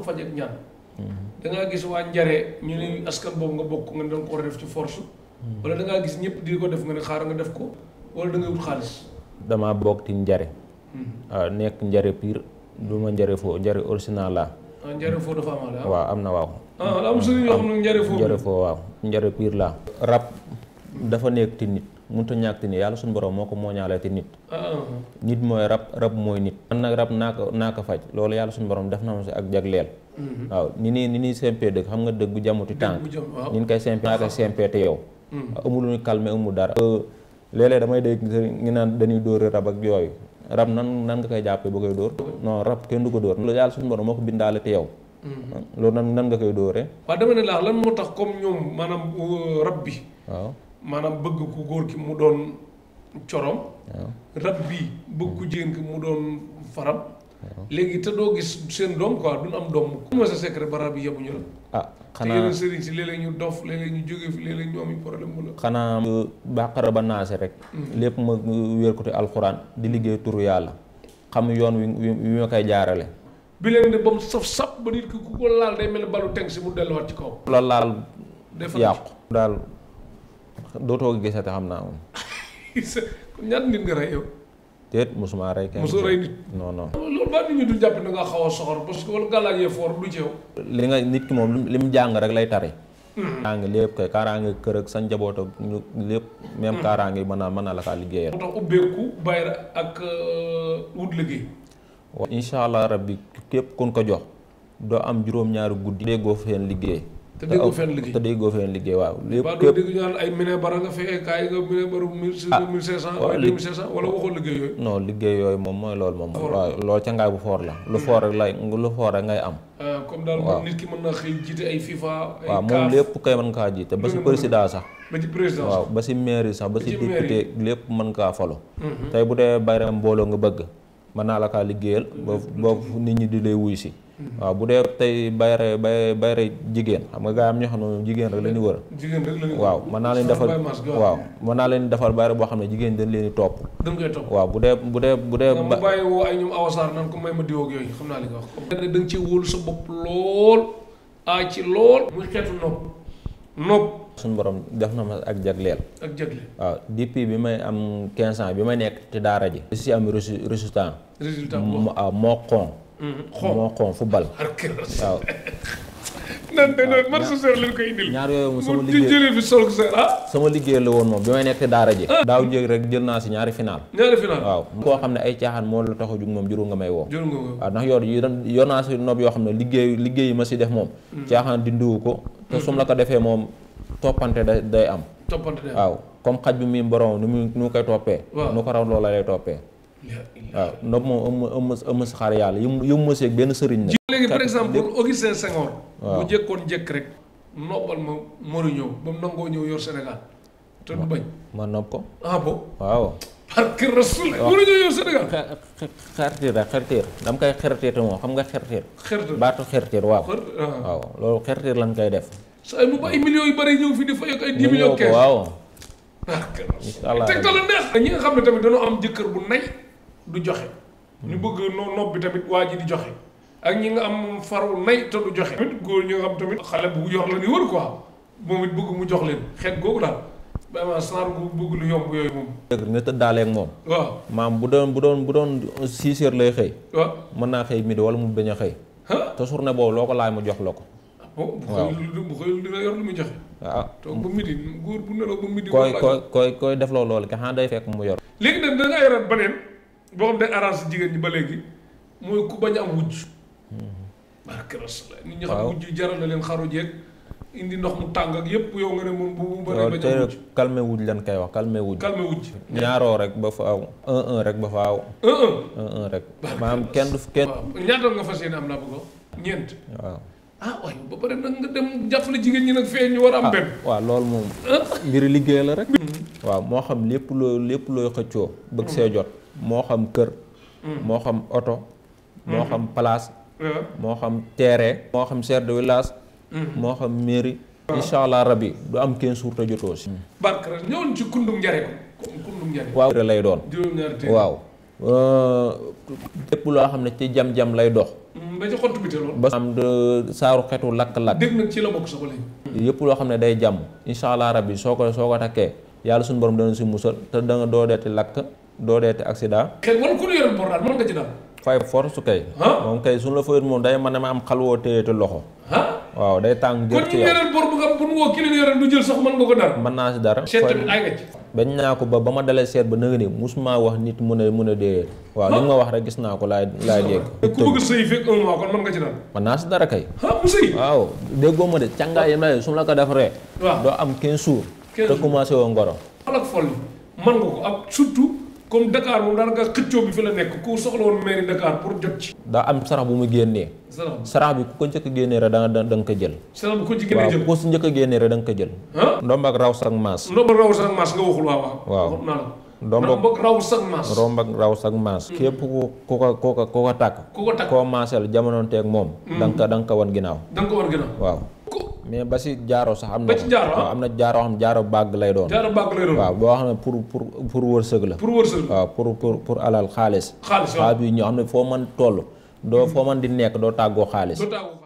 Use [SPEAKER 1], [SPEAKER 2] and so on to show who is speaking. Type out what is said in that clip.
[SPEAKER 1] am faj ak ñaan mhm. da gis waa njare ñu ne askan boobu nga bokk nga doon ko war a def ci force mhm. wala da gis ñëpp di ko def nga ne xaaral nga def ko wala da ngay wut xaalis
[SPEAKER 2] damaa bokk ci njare mhm. ah, nekk njare piir du ma njare foo njare original laa
[SPEAKER 1] ah, njare foo dafa am la
[SPEAKER 2] am na waaw ah, am sëriñ yoo xam ne njare foo njare foo waaw rab dafa nekk ci nit mënut a ñàkk ni yàlla suñu borom moo ko mooñaale te nit. Ah. nit mooy rab rab mooy nit. man nag rab naa ko naa ko faj loolu yàlla suñu borom def na ma si ak jagleel. Mm-hmm. ni ni ni ñuy sempee dëgg xam nga dëgg bu jamuti ñu koy sempee naa koy sempee te yow. Mm-hmm. amul lu ñu calmé amul dara. naan dañuy dóore rab ak yooyu rab nan nan nga koy jàppee ba koy dóor. non rab kenn du ko dóor. loolu yàlla suñu borom moo ko bindaale te yow. Mm-hmm. loolu nan nan nga koy dóoree.
[SPEAKER 1] waaw dama ne laa lan moo tax comme ñoom maanaam uh, rab bi. waaw maanaam bëgg ku góor ki mu doon corom rab bi bëgg ku jigéen ki mu doon faram léegi te doo gis seen doom quoi duñ am doom ku ma sa secret ba rab yi yebuñu la ah xanaa te yeneen sëriñ si léeg-léeg ñu dof léeg-léeg ñu jóge ñu am problème mu la
[SPEAKER 2] xanaa bàqara ba naase rek hmm. lépp ma wér ko te alxuraan di liggéey turu yàlla xam yoon wi koy jaarale
[SPEAKER 1] bi leen di ba mu saf sap ba nit ki ku ko laal day mel balu teng si mu delluwaat ci kaw la laal yàqu
[SPEAKER 2] daal dootoo gisate xam naa moom.
[SPEAKER 1] kon nit nga rey yow.
[SPEAKER 2] déet mosuma rey. nit non non.
[SPEAKER 1] loolu ba nit ñi du jàpp ne nga xaw soxor parce que wala gàllaajee foor du
[SPEAKER 2] li nga nit ki moom li mu jàng rek lay tare. Hmm. kaaraange lépp kay kaaraange kër ak sa njaboot ak lépp. même hmm. kaaraange yi mën naa mën naa la kaa liggéeyal. moo
[SPEAKER 1] tax ubbeeku bàyyi ak euh, wut
[SPEAKER 2] liggéey. waaw incha allah rabbi képp kun ko jox doo am juróom-ñaari guddi. déggoo seen liggéey. te déggoo fenn liggéey te déggoo fenn liggéey waaw. yëpp képp dégg
[SPEAKER 1] ñu naan ay mine bara nga fekk ay kaay nga mine baru ah, mille cinq cent wala waxoo liggéey
[SPEAKER 2] yooyu. non liggéey yooyu moom mooy loolu moom. waaw loolu ca ngaay bu foor la. lu hmm. foor rek lay lu foor rek ngay am.
[SPEAKER 1] Ah, comme daal moom nit ki mën na xëy jiite ay FIFA. ay waaw lépp
[SPEAKER 2] kay mën kaa jiite ba si président sax. ba ci président waaw ba si mairie sax ba si député lépp mën kaa falo. Hmm. tey bu dee bayram mbooloo nga bëgg mën naa la kaa liggéeyal ba hmm. ba nit ñi di lay wuy si waaw bu dee tey bayre bay bayre jigéen xam nga gaa am ñoo xam ne jigéen rek la ñu wër jigéen rek la ñu waaw mën naa leen defal waaw mën naa leen defal bayre boo xam ne jigéen dañ leen di topp dañ koy topp waaw bu dee bu dee bu dee mu bàyyi
[SPEAKER 1] woo ay ñoom ma diwoog yooyu xam naa li nga wax ci wóolu sa bopp lool a ci lool muy xeetu nopp
[SPEAKER 2] nopp suñu borom def na ma ak jagleel ak jagleel waaw depuis bi may am quinze ans bi may nekk ci daara ji si am résultat résultat moo
[SPEAKER 1] moo
[SPEAKER 2] xon football waaw
[SPEAKER 1] ñaar yooyu
[SPEAKER 2] moom ah. sama liggéey la woon moom bi may nekk daara ji ah. daaw jéeg rek jël naa si ñaari final ñaari final koo xam ne ay caaxaan moo lu tax jug moom juru nga may woo waaw ndax yor yor naa si nopp yoo xam ne liggéey liggéey yi ma si def moom hmm. caaxaan dindiwu ko te hmm. sum la ko defee moom toppante day day am waaw comme xaj bi muy borom nu mu nu koy toppee nu ko raw loola lay toppee waaw ndox moom ëmm ëmm ëmm saxaar yàlla yëmm yëmm seeg benn sëriñ la. léegi par exemple
[SPEAKER 1] Augustin jëkkoon jëkk rek. noppal ma Mourinho ba mu nangoo ñëw yor Sénégal. te du bañ
[SPEAKER 2] ko. ah bon waaw.
[SPEAKER 1] parce que rasul Mourinho yor Sénégal.
[SPEAKER 2] xertiir la xertiir dama koy xertiir te moom xam nga ah. lañ koy def.
[SPEAKER 1] saa mu ba ay millions yu bëri ñëw fii di fa yokk ay. 10 millions 15 neex. ñi nga xam ne tamit dañoo am jëkkër bu nay. du joxe ñu hmm. bëgg noo nob bi tamit waa ji di joxe ak ñi nga am faru nay te du joxe tamit góor ñi nga xam tamit xale bu yor la ni wër quoi moom mu jox leen xeet googu daal vraiment saar gu bëgg yooyu moom
[SPEAKER 2] nga tëddaaleeg moom waaw maam bu doon bu doon bu doon six heures lay xëy waaw mën naa xëy midi wala mu bañ a xëy te journée boobu loo ko laaj mu jox la ko ah
[SPEAKER 1] waaw bu xëyul dina yor lu mu joxe. waaw ah. toog ba midi góor bu nelaw ba midi. koy
[SPEAKER 2] koy koy def loolu loolu nga xam day fekk mu yor.
[SPEAKER 1] léegi nag da ngaa beneen. boo xam ne day arrangé jigéen ñi ba léegi mooy ku bañ am wujj. na leen xaru jeeg ndox mu tàng ak yépp yow nga koy wax
[SPEAKER 2] calmé wujj. calmé wujj ñaaroo rek ba kenn du kenn.
[SPEAKER 1] waaw
[SPEAKER 2] ñaata
[SPEAKER 1] nga ah, jigéen ñi nag ñu war am ah, benn.
[SPEAKER 2] waaw loolu moom. Ah. liggéey la mm-hmm. waaw moo xam lépp loo lépp looy xëccoo. bëgg see jot. moo xam kër mm. moo xam oto moo mm. xam place moo xam terrain moo xam chef de village mm. moo xam mairie incha allah rabi du am quinze jours te jotoo si
[SPEAKER 1] waaw lay doon waaw
[SPEAKER 2] euh, lépp loo xam ne ci jam-jam lay dox ba ci saaru xetu lakk-lakk dégg nag ci loo xam ne day jàmm incha allah yi soo ko soo ko takkee yàlla suñu borom dana si musal te da doo deeti lakk doo deete accident.
[SPEAKER 1] xëy man ku ñu yoroon portable kay.
[SPEAKER 2] moom kay suñu la fa moom day man a am xalwoo loxo. waaw day tàng mën naa si dara. seet tamit ay nga naa ko ba ba ma dalee seet ba nëgë ni musuma wax nit mun a mun a déedéet. waaw li nga wax rek gis naa ko laay laay dégg.
[SPEAKER 1] ku bëgg sëy fekk un nga ci dara.
[SPEAKER 2] mën naa si dara kay. ah bu sëy. waaw déggoo ma de càngaay yi ma su ma la ko defaree. waaw doo am 15 jours. 15 jours te commencé woo ngoro.
[SPEAKER 1] xol ak fol mën nga ko ak surtout comme Dakar moom daanaka xëccoo bi fi la nekk ku soxla woon mairie Dakar pour jot ci.
[SPEAKER 2] daa am sarax bu mu génnee. sarax bi ku ko njëkk a génnee rek da nga ko jël. sarax bu a génnee rek da ndomb ak raw sak maas. ndomb ak raw sak maas
[SPEAKER 1] nga waxul waaw waaw. ndomb ak raw sak maas. ndomb
[SPEAKER 2] ak raw sak maas. Hmm. képp ku ko ko ko koo maasal jamonoonteeg moom. Hmm. da ko da ko wan ginnaaw waaw. mais ba si jaaro sax am na. ba ci jaaro ah. am na jaaro xam jaaro bàgg lay doon. lay doon waaw boo xam ne pour pour pour wërsëg la. pour wërsëg waaw pour pour pour alal xaalis. xaalis waaw bi ñoo xam ne foo mën toll. doo foo mën di nekk doo tàggoo xaalis.